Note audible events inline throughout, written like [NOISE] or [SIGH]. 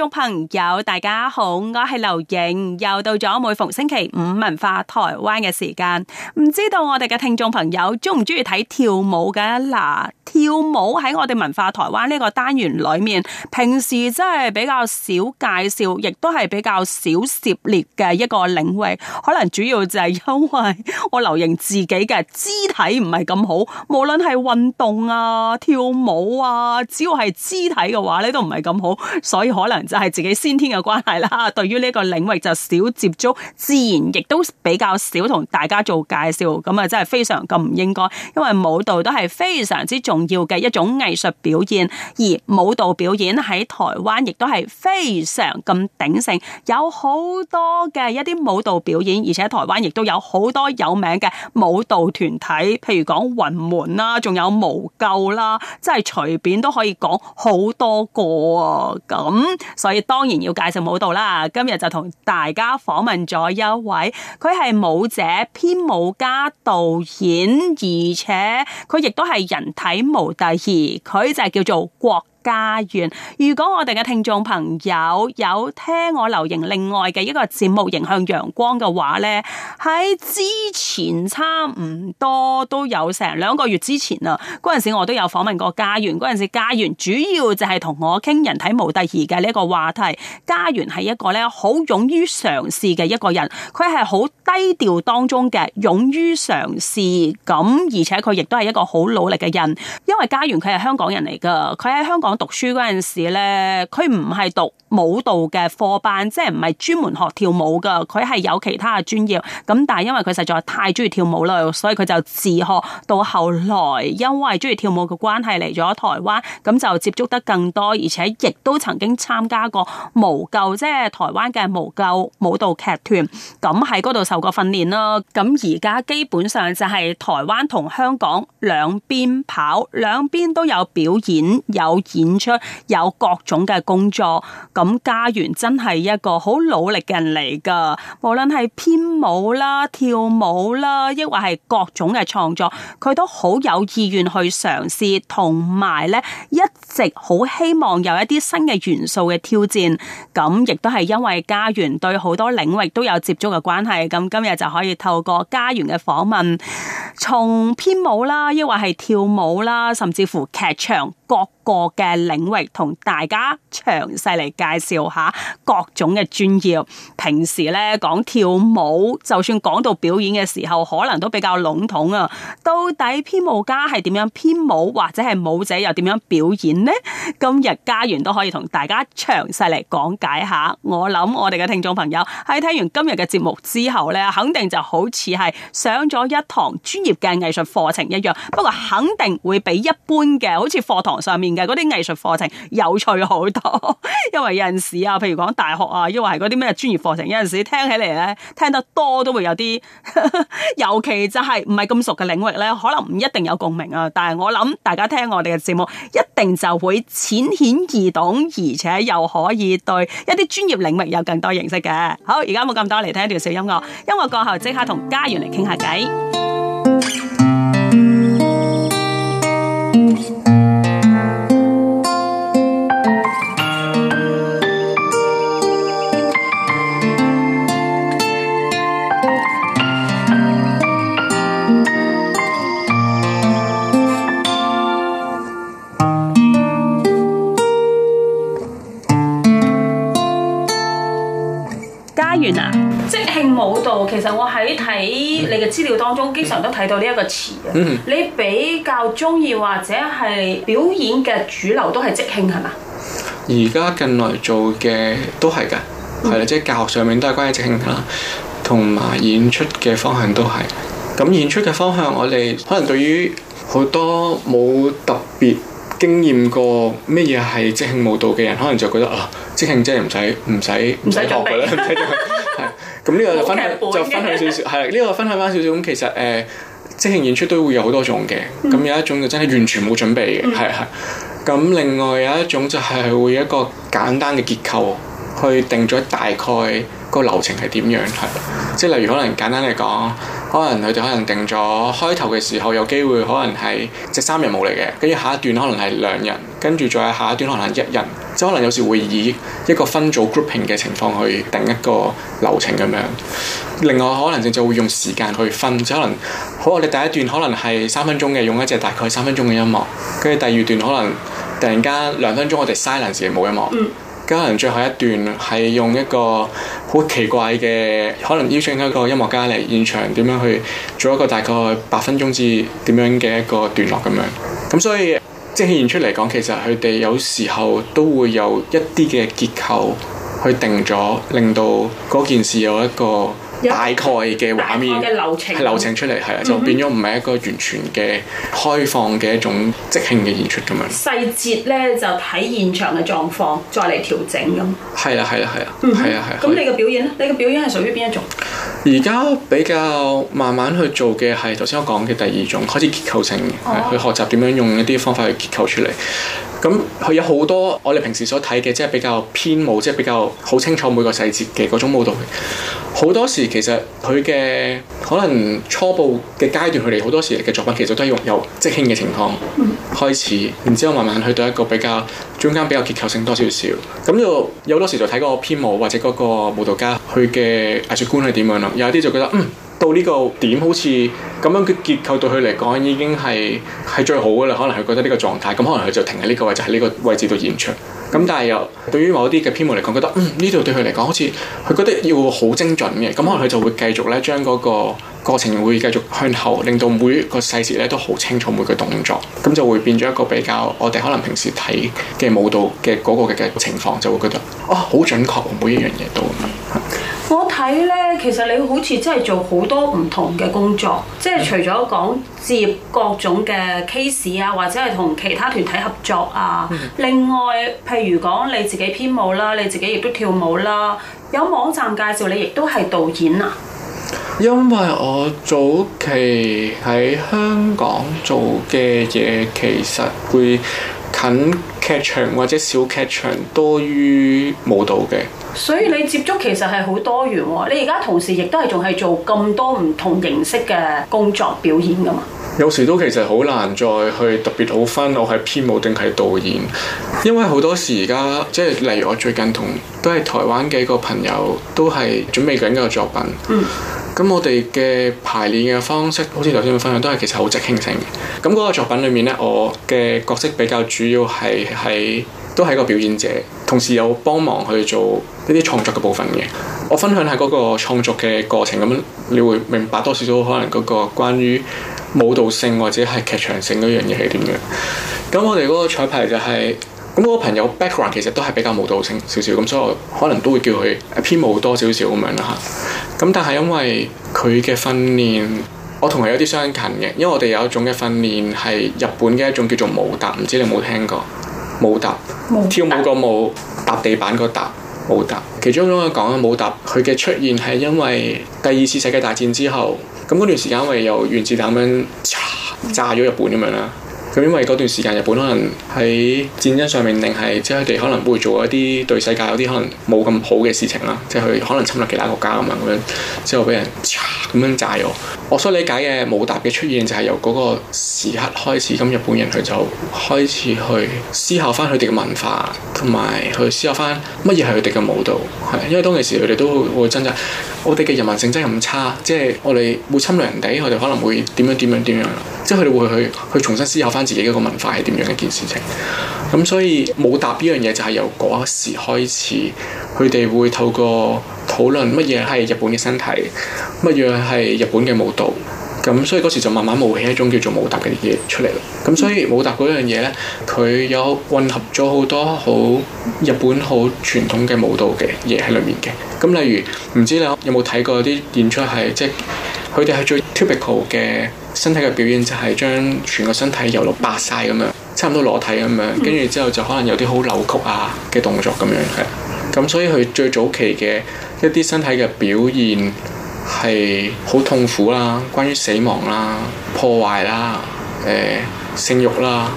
聽眾朋友，大家好，我係劉瑩，又到咗每逢星期五文化台灣嘅時間。唔知道我哋嘅聽眾朋友中唔中意睇跳舞嘅？嗱，跳舞喺我哋文化台灣呢個單元裏面，平時真係比較少介紹，亦都係比較少涉獵嘅一個領域。可能主要就係因為我劉瑩自己嘅肢體唔係咁好，無論係運動啊、跳舞啊，只要係肢體嘅話咧，都唔係咁好，所以可能。就係自己先天嘅關係啦。對於呢個領域就少接觸，自然亦都比較少同大家做介紹。咁啊，真係非常咁唔應該，因為舞蹈都係非常之重要嘅一種藝術表演。而舞蹈表演喺台灣亦都係非常咁鼎盛，有好多嘅一啲舞蹈表演，而且台灣亦都有好多有名嘅舞蹈團體，譬如講雲門啦、啊，仲有無垢啦、啊，即係隨便都可以講好多個啊咁。所以當然要介紹舞蹈啦！今日就同大家訪問咗一位，佢係舞者、編舞家、導演，而且佢亦都係人體模特兒，佢就係叫做郭。嘉源，如果我哋嘅聽眾朋友有聽我留言另外嘅一個節目《迎向陽光》嘅話咧，喺之前差唔多都有成兩個月之前啊，嗰陣時我都有訪問過嘉源，嗰陣時嘉源主要就係同我傾人體模特兒嘅呢個話題。嘉源係一個咧好勇於嘗試嘅一個人，佢係好低調當中嘅勇於嘗試，咁而且佢亦都係一個好努力嘅人。因為嘉源佢係香港人嚟噶，佢喺香港，講讀書嗰陣時咧，佢唔係讀舞蹈嘅課班，即係唔係專門學跳舞㗎，佢係有其他嘅專業。咁但係因為佢實在太中意跳舞啦，所以佢就自學。到後來因為中意跳舞嘅關係嚟咗台灣，咁就接觸得更多，而且亦都曾經參加過無垢，即係台灣嘅無垢舞蹈劇團，咁喺嗰度受過訓練啦。咁而家基本上就係台灣同香港兩邊跑，兩邊都有表演，有演。演出有各種嘅工作，咁嘉源真係一個好努力嘅人嚟噶。無論係編舞啦、跳舞啦，抑或係各種嘅創作，佢都好有意願去嘗試，同埋咧一直好希望有一啲新嘅元素嘅挑戰。咁亦都係因為嘉源對好多領域都有接觸嘅關係，咁今日就可以透過嘉源嘅訪問，從編舞啦，抑或係跳舞啦，甚至乎劇場各各嘅領域同大家詳細嚟介紹下各種嘅專業。平時咧講跳舞，就算講到表演嘅時候，可能都比較籠統啊。到底編舞家係點樣編舞，或者係舞者又點樣表演咧？今日嘉源都可以同大家詳細嚟講解下。我諗我哋嘅聽眾朋友喺聽完今日嘅節目之後咧，肯定就好似係上咗一堂專業嘅藝術課程一樣，不過肯定會比一般嘅好似課堂上面。嗰啲藝術課程有趣好多，因為有陣時啊，譬如講大學啊，抑或係嗰啲咩專業課程，有陣時聽起嚟咧，聽得多都會有啲， [LAUGHS] 尤其就係唔係咁熟嘅領域咧，可能唔一定有共鳴啊。但係我諗大家聽我哋嘅節目，一定就會淺顯易懂，而且又可以對一啲專業領域有更多認識嘅。好，而家冇咁多，嚟聽一段小音樂，音樂過後即刻同嘉源嚟傾下偈。嘉源啊！即興舞蹈，其實我喺睇你嘅資料當中，嗯、經常都睇到呢一個詞嘅。嗯、你比較中意或者係表演嘅主流都係即興係嘛？而家近來做嘅都係嘅，係啦、嗯，即係教學上面都係關於即興啦，同埋演出嘅方向都係。咁演出嘅方向，我哋可能對於好多冇特別。經驗過咩嘢係即興舞蹈嘅人，可能就覺得啊，即興真係唔使唔使唔使學㗎啦。咁呢 [LAUGHS] 個就分享 [LAUGHS] 就分享少少，係呢、呢個分享翻少少。咁其實誒、呃，即興演出都會有好多種嘅。咁有一種就真係完全冇準備嘅，係係。咁另外有一種就係會有一個簡單嘅結構，去定咗大概個流程係點樣，係即係例如可能簡單嚟講。可能佢哋可能定咗開頭嘅時候有機會可能係隻三人舞嚟嘅，跟住下一段可能係兩人，跟住再下一段可能係一人，即可能有時會以一個分組 grouping 嘅情況去定一個流程咁樣。另外可能就就會用時間去分，即可能好我哋第一段可能係三分鐘嘅，用一隻大概三分鐘嘅音樂，跟住第二段可能突然間兩分鐘我哋 silent 嘅冇音樂。嗯。可能最後一段係用一個好奇怪嘅，可能邀請一個音樂家嚟現場，點樣去做一個大概八分鐘至點樣嘅一個段落咁樣。咁所以即係演出嚟講，其實佢哋有時候都會有一啲嘅結構去定咗，令到嗰件事有一個大概嘅畫面係流，流程出嚟，係啊、嗯哼，就變咗唔係一個完全嘅開放嘅一種即興嘅演出咁樣。細節咧就睇現場嘅狀況，再嚟調整咁。係啊，係啊，係啊，係啊，係啊。咁、嗯哼啊、你嘅表演咧？你嘅表演係屬於邊一種？而家比較慢慢去做嘅係頭先我講嘅第二種，開始結構性，係、哦、去學習點樣用一啲方法去結構出嚟。咁佢有好多我哋平時所睇嘅，即係比較編舞，即係比較好清楚每個細節嘅嗰種舞蹈。好多時其實佢嘅可能初步嘅階段，佢哋好多時嘅作品其實都係用有即興嘅情況開始，然之後慢慢去到一個比較中間比較結構性多少少。咁就有好多時就睇個編舞或者嗰個舞蹈家佢嘅藝術觀係點樣啦。有啲就覺得嗯，到呢個點好似咁樣嘅結構，對佢嚟講已經係係最好㗎啦。可能佢覺得呢個狀態，咁可能佢就停喺呢個位置，喺呢個位置度延長。咁但係又對於某啲嘅編舞嚟講，覺得嗯呢度、這個、對佢嚟講好似佢覺得要好精準嘅。咁可能佢就會繼續咧將嗰個過程會繼續向後，令到每個細節咧都好清楚，每個動作咁就會變咗一個比較我哋可能平時睇嘅舞蹈嘅嗰個嘅情況，就會覺得哦好準確，每一樣嘢都咁樣。我睇咧，其實你好似真係做好多唔同嘅工作，即係除咗講接各種嘅 case 啊，或者係同其他團體合作啊。嗯、另外，譬如講你自己編舞啦，你自己亦都跳舞啦。有網站介紹你，亦都係導演啊。因為我早期喺香港做嘅嘢，其實會近劇場或者小劇場多於舞蹈嘅。所以你接觸其實係好多元喎、哦，你而家同時亦都係仲係做咁多唔同形式嘅工作表演噶嘛？有時都其實好難再去特別好分，我係編舞定係導演，因為好多時而家即係例如我最近同都係台灣嘅一個朋友都係準備緊一個作品。嗯，咁我哋嘅排練嘅方式，好似頭先嘅分享，都係其實好即興性嘅。咁、那、嗰個作品裏面呢，我嘅角色比較主要係喺。都係一個表演者，同時又幫忙去做呢啲創作嘅部分嘅。我分享下嗰個創作嘅過程，咁你會明白多少少可能嗰個關於舞蹈性或者係劇場性嗰樣嘢係點樣。咁我哋嗰個彩排就係、是，咁我朋友 background 其實都係比較舞蹈性少少，咁所以我可能都會叫佢編舞多少少咁樣啦嚇。咁但係因為佢嘅訓練，我同佢有啲相近嘅，因為我哋有一種嘅訓練係日本嘅一種叫做舞踏，唔知你有冇聽過？舞踏，跳舞個舞，踏地板個踏，舞踏。其中一個講嘅，舞踏」。佢嘅出現係因為第二次世界大戰之後，咁嗰段時間因為有原子彈咁樣炸炸咗日本咁樣啦。咁因為嗰段時間，日本可能喺戰爭上面，定係即係佢哋可能會做一啲對世界有啲可能冇咁好嘅事情啦，即係佢可能侵略其他國家啊嘛，咁樣之後俾人咁樣炸咗。我所理解嘅舞踏嘅出現就係由嗰個時刻開始，咁日本人佢就開始去思考翻佢哋嘅文化，同埋去思考翻乜嘢係佢哋嘅舞蹈，係因為當其時佢哋都會掙扎，我哋嘅人民性質咁差，即係我哋會侵略人哋，佢哋可能會點樣點樣點樣。即係佢哋會去去重新思考翻自己一個文化係點樣一件事情，咁所以舞踏呢樣嘢就係由嗰時開始，佢哋會透過討論乜嘢係日本嘅身體，乜嘢係日本嘅舞蹈，咁所以嗰時就慢慢冒起一種叫做舞踏嘅嘢出嚟咯。咁所以舞踏嗰樣嘢呢，佢有混合咗好多好日本好傳統嘅舞蹈嘅嘢喺裏面嘅。咁例如，唔知你有冇睇過啲演出係，即係佢哋係最 typical 嘅。身體嘅表現就係將全個身體油到白晒咁樣，差唔多裸體咁樣，跟住之後就可能有啲好扭曲啊嘅動作咁樣，係。咁所以佢最早期嘅一啲身體嘅表現係好痛苦啦，關於死亡啦、破壞啦、誒、呃、性慾啦，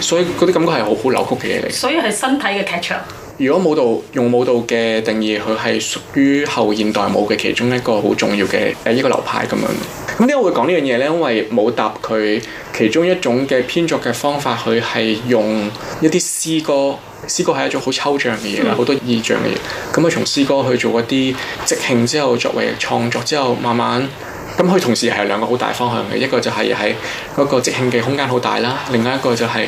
所以嗰啲感覺係好好扭曲嘅嘢嚟。所以係身體嘅劇場。如果舞蹈用舞蹈嘅定義，佢係屬於後現代舞嘅其中一個好重要嘅誒、呃、一個流派咁樣，咁點解會講呢樣嘢咧？因為舞蹈佢其中一種嘅編作嘅方法，佢係用一啲詩歌。詩歌係一種好抽象嘅嘢，好多意象嘅嘢。咁啊，從詩歌去做一啲即興之後作為創作之後慢慢。咁佢同時係有兩個好大方向嘅，一個就係喺嗰個即興嘅空間好大啦，另一個就係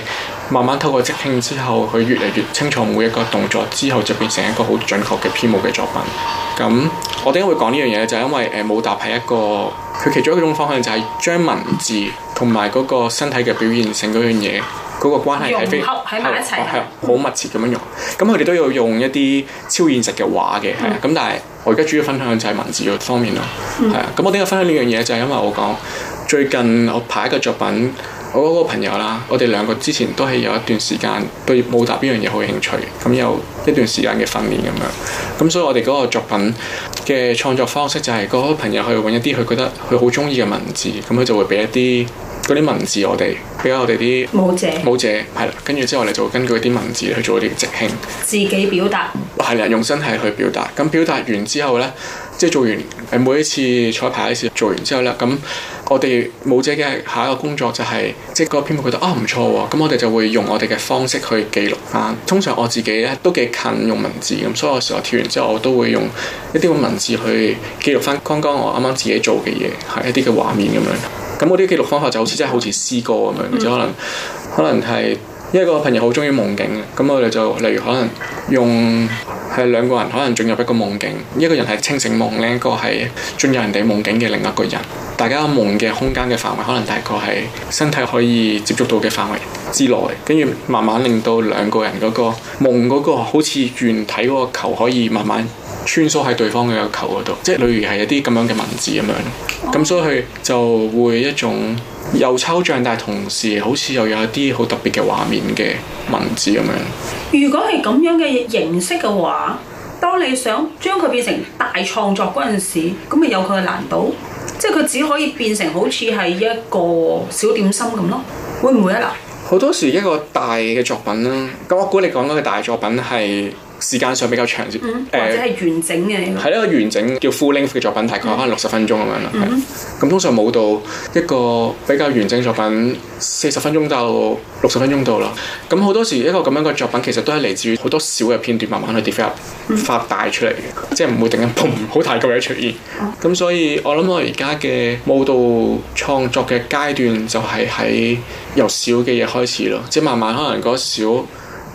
慢慢透過即興之後，佢越嚟越清楚每一個動作之後，就變成一個好準確嘅編舞嘅作品。咁我點解會講呢樣嘢？就係、是、因為誒舞蹈係一個佢其中一種方向，就係將文字同埋嗰個身體嘅表現性嗰樣嘢。嗰個關係係非喺埋一齊，係好密切咁樣用。咁佢哋都要用一啲超現實嘅畫嘅，係咁、嗯、但係我而家主要分享就係文字嗰方面咯，係啊。咁、嗯、我點解分享呢樣嘢就係、係、因為我講最近我排一個作品，我嗰個朋友啦，我哋兩個之前都係有一段時間對舞蹈呢樣嘢好興趣，咁有一段時間嘅訓練咁樣。咁所以我哋嗰個作品嘅創作方式就係、係、嗰、嗰個朋友去揾一啲佢覺得佢好中意嘅文字，咁佢就會俾一啲。嗰啲文字我哋，俾我哋啲舞者，舞者係啦，跟住之後咧就根據啲文字去做一啲即興，自己表達，係啦，用身體去表達。咁表達完之後呢，即係做完每一次彩排嘅事做完之後咧，咁我哋舞者嘅下一個工作就係、是、即嗰個編舞覺得啊唔錯喎，咁、哦、我哋就會用我哋嘅方式去記錄翻。通常我自己咧都幾近用文字咁，所以我時有時我跳完之後我都會用一啲文字去記錄翻剛剛我啱啱自己做嘅嘢，係一啲嘅畫面咁樣。咁我啲記錄方法就好似真係好似詩歌咁樣，就、mm hmm. 可能可能係因為個朋友好中意夢境嘅，咁我哋就例如可能用。係兩個人可能進入一個夢境，一個人係清醒夢咧，一個係進入人哋夢境嘅另一個人。大家夢嘅空間嘅範圍可能大概係身體可以接觸到嘅範圍之內，跟住慢慢令到兩個人嗰個夢嗰個好似圓體嗰個球可以慢慢穿梭喺對方嘅個球嗰度，即係類如係一啲咁樣嘅文字咁樣。咁所以佢就會一種又抽象，但係同時好似又有一啲好特別嘅畫面嘅文字咁樣。如果係咁樣嘅形式嘅話，當你想將佢變成大創作嗰陣時，咁咪有佢嘅難度，即係佢只可以變成好似係一個小點心咁咯，會唔會啊嗱？好多時一個大嘅作品啦，咁我估你講嗰個大作品係。時間上比較長啲，嗯呃、或者係完整嘅係、嗯、一個完整叫 full length 嘅作品，大概可能六十分鐘咁樣啦。咁通常舞蹈一個比較完整作品四十分鐘到六十分鐘度啦。咁好多時一個咁樣嘅作品其實都係嚟自於好多小嘅片段，慢慢去 develop 發大出嚟嘅，即係唔會突然間砰好大嘅嘢出現。咁、嗯、所以我諗我而家嘅舞蹈創作嘅階段就係喺由少嘅嘢開始咯，即係慢慢可能嗰小。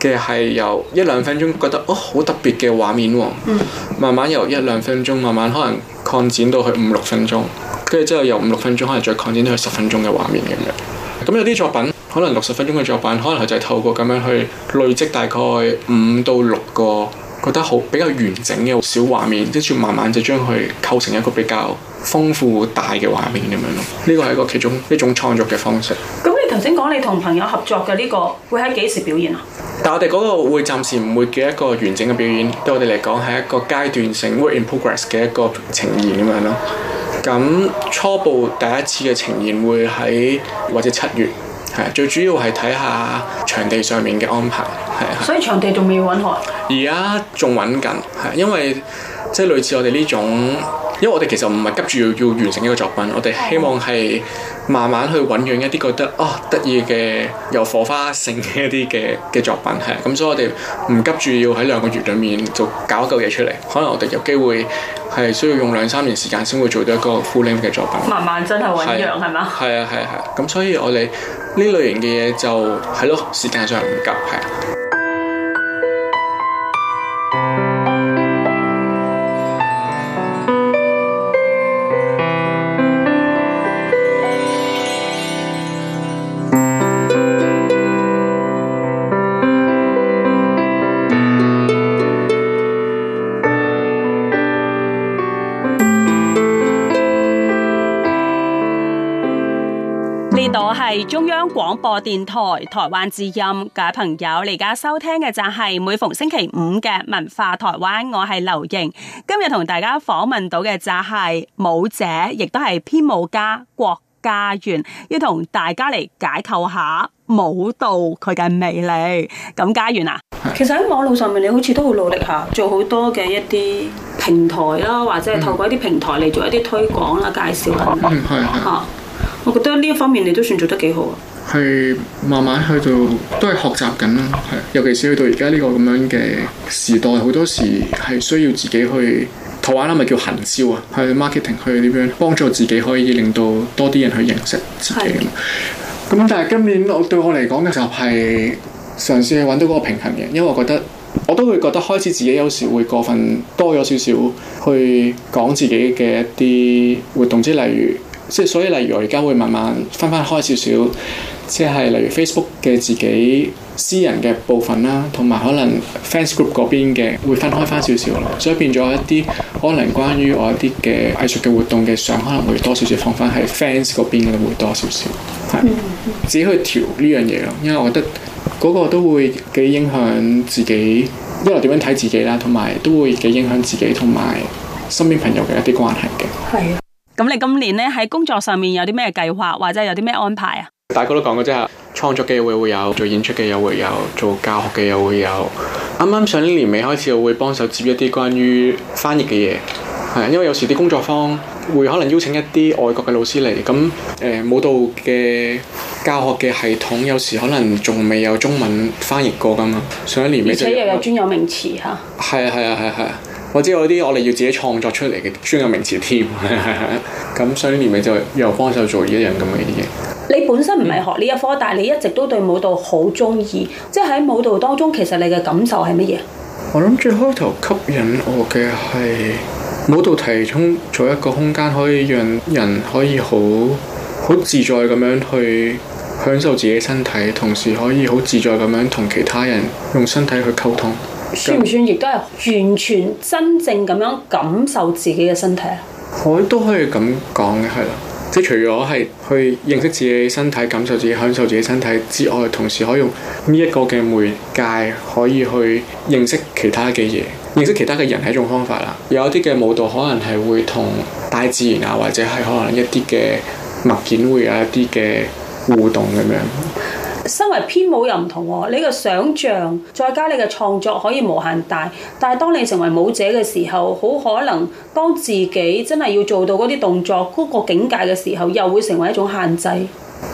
嘅係由一兩分鐘覺得哦好特別嘅畫面喎，哦，嗯，慢慢由一兩分鐘慢慢可能擴展到去五六分鐘，跟住之後由五六分鐘可能再擴展到去十分鐘嘅畫面咁樣。咁有啲作品可能六十分鐘嘅作品，可能就係透過咁樣去累積大概五到六個覺得好比較完整嘅小畫面，跟住慢慢就將佢構成一個比較豐富大嘅畫面咁樣咯。呢個係一個其中一種創作嘅方式。嗯頭先講你同朋友合作嘅呢個會喺幾時表演啊？但我哋嗰個會暫時唔會嘅一個完整嘅表演，對我哋嚟講係一個階段性 work in progress 嘅一個呈現咁樣咯。咁初步第一次嘅呈現會喺或者七月係，最主要係睇下場地上面嘅安排係。所以場地仲未揾開？而家仲揾緊係，因為即係類似我哋呢種，因為我哋其實唔係急住要，要完成呢個作品，我哋希望係。嗯慢慢去醖釀一啲覺得哦得意嘅有火花性嘅一啲嘅嘅作品係，咁、嗯、所以我哋唔急住要喺兩個月裡面就搞一嚿嘢出嚟，可能我哋有機會係需要用兩三年時間先會做到一個 full name 嘅作品。慢慢真係醖釀係嘛？係啊係啊係，咁所以我哋呢類型嘅嘢就係咯，時間上唔急係啊。廣播電台台灣之音，各位朋友，你而家收聽嘅就係每逢星期五嘅文化台灣，我係劉瑩。今日同大家訪問到嘅就係舞者，亦都係編舞家郭嘉源，要同大家嚟解構下舞蹈佢嘅魅力。咁家元啊，其實喺網絡上面，你好似都好努力下，做好多嘅一啲平台啦，或者透過一啲平台嚟做一啲推廣啦、介紹啦，吓、嗯啊，我覺得呢一方面你都算做得幾好啊。去慢慢去到，都係學習緊啦。係，尤其是去到而家呢個咁樣嘅時代，好多時係需要自己去圖玩啦，咪叫行銷啊，去 marketing，去點樣幫助自己，可以令到多啲人去認識自己。咁的但係今年我對我嚟講嘅時候，係嘗試去揾到嗰個平衡嘅，因為我覺得我都會覺得開始自己有時會過分多咗少少去講自己嘅一啲活動，即係例如。即係所以，例如我而家會慢慢分分開少少，即係例如 Facebook 嘅自己私人嘅部分啦，同埋可能 Fans Group 嗰邊嘅會分開翻少少咯。所以變咗一啲可能關於我一啲嘅藝術嘅活動嘅相，可能會多少少放翻喺 Fans 嗰邊嘅會多少少。係，自己去調呢樣嘢咯。因為我覺得嗰個都會幾影響自己，一路點樣睇自己啦，同埋都會幾影響自己同埋身邊朋友嘅一啲關係嘅。係。咁你今年咧，喺工作上面有啲咩計劃或者有啲咩安排啊？大家都講過即係，創作嘅會會有，做演出嘅又會有，做教學嘅又會有。啱啱上一年年尾開始，我會幫手接一啲關於翻譯嘅嘢，係因為有時啲工作坊會可能邀請一啲外國嘅老師嚟，咁誒、呃、舞蹈嘅教學嘅系統有時可能仲未有中文翻譯過噶嘛。上一年尾就，而且又有專有名詞吓，啊，係啊係啊係係。我知道啲我哋要自己創作出嚟嘅專有名詞添，咁、 [LAUGHS] 嗯、所以年尾就又幫手做一樣咁嘅嘢。你本身唔係學呢一科，但係你一直都對舞蹈好中意，即係喺舞蹈當中，其實你嘅感受係乜嘢？我諗最開頭吸引我嘅係舞蹈提供咗一個空間，可以讓人可以好好自在咁樣去享受自己身體，同時可以好自在咁樣同其他人用身體去溝通。算唔算亦都係完全真正咁樣感受自己嘅身體啊？我都可以咁講嘅，係啦，即係除咗係去認識自己身體、感受自己、享受自己身體之外，同時可以用呢一個嘅媒介，可以去認識其他嘅嘢，認識其他嘅人係一種方法啦。有一啲嘅舞蹈可能係會同大自然啊，或者係可能一啲嘅物件會有一啲嘅互動咁樣。身為編舞又唔同喎、哦，你個想象再加你嘅創作可以無限大，但係當你成為舞者嘅時候，好可能當自己真係要做到嗰啲動作嗰，那個境界嘅時候，又會成為一種限制。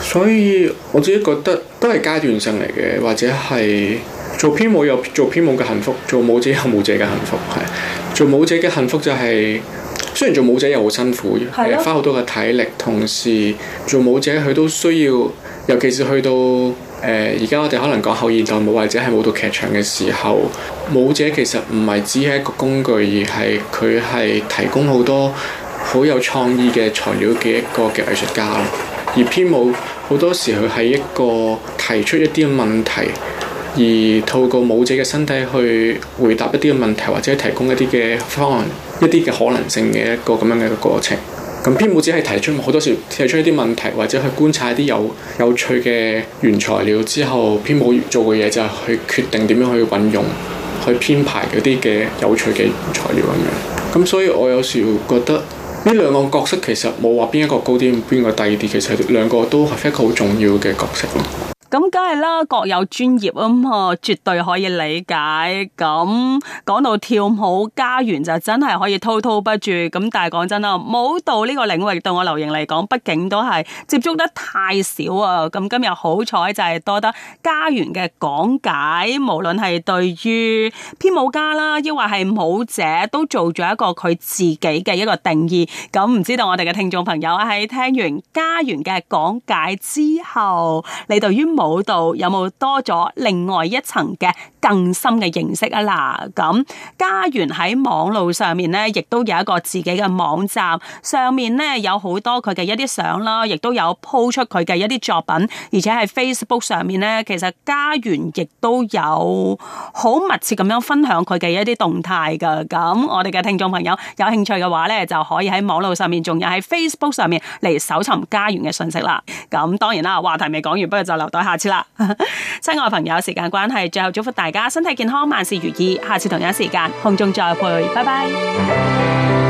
所以我自己覺得都係階段性嚟嘅，或者係做編舞有做編舞嘅幸福，做舞者有舞者嘅幸福，係做舞者嘅幸福就係、是、雖然做舞者又好辛苦，係的花好多嘅體力，同時做舞者佢都需要。尤其是去到誒，呃，而家我哋可能講後現代舞或者係舞蹈劇場嘅時候，舞者其實唔係只係一個工具，而係佢係提供好多好有創意嘅材料嘅一個嘅藝術家。而編舞好多時佢係一個提出一啲嘅問題，而透過舞者嘅身體去回答一啲嘅問題或者提供一啲嘅方案，一啲嘅可能性嘅一個咁樣嘅一個過程。咁、嗯、編舞只係提出好多時提出一啲問題，或者去觀察一啲有有趣嘅原材料之後，編舞做嘅嘢就係去決定點樣去運用、去編排嗰啲嘅有趣嘅原材料咁樣。咁、嗯、所以我有時覺得呢兩個角色其實冇話邊一個高啲、邊個低啲，其實兩個都係一個好重要嘅角色咯。咁梗係啦，各有專業啊嘛，絕對可以理解。咁講到跳舞，嘉源就真係可以滔滔不絕。咁但係講真啦，舞蹈呢個領域對我劉盈嚟講，畢竟都係接觸得太少啊。咁今日好彩就係多得嘉源嘅講解，無論係對於編舞家啦，抑或係舞者，都做咗一個佢自己嘅一個定義。咁唔知道我哋嘅聽眾朋友喺聽完嘉源嘅講解之後，你對於舞蹈有冇多咗另外一層嘅更深嘅認識啊啦，咁嘉源喺網路上面咧，亦都有一個自己嘅網站，上面咧有好多佢嘅一啲相啦，亦都有 po 出佢嘅一啲作品，而且係 Facebook 上面咧，其實嘉源亦都有好密切咁樣分享佢嘅一啲動態噶。咁我哋嘅聽眾朋友有興趣嘅話咧，就可以喺網路上面，仲有喺 Facebook 上面嚟搜尋嘉源嘅信息啦。咁當然啦，話題未講完，不過就留待。下次啦，親愛朋友，時間關係，最後祝福大家身體健康，萬事如意。下次同一時間空中再會，拜拜。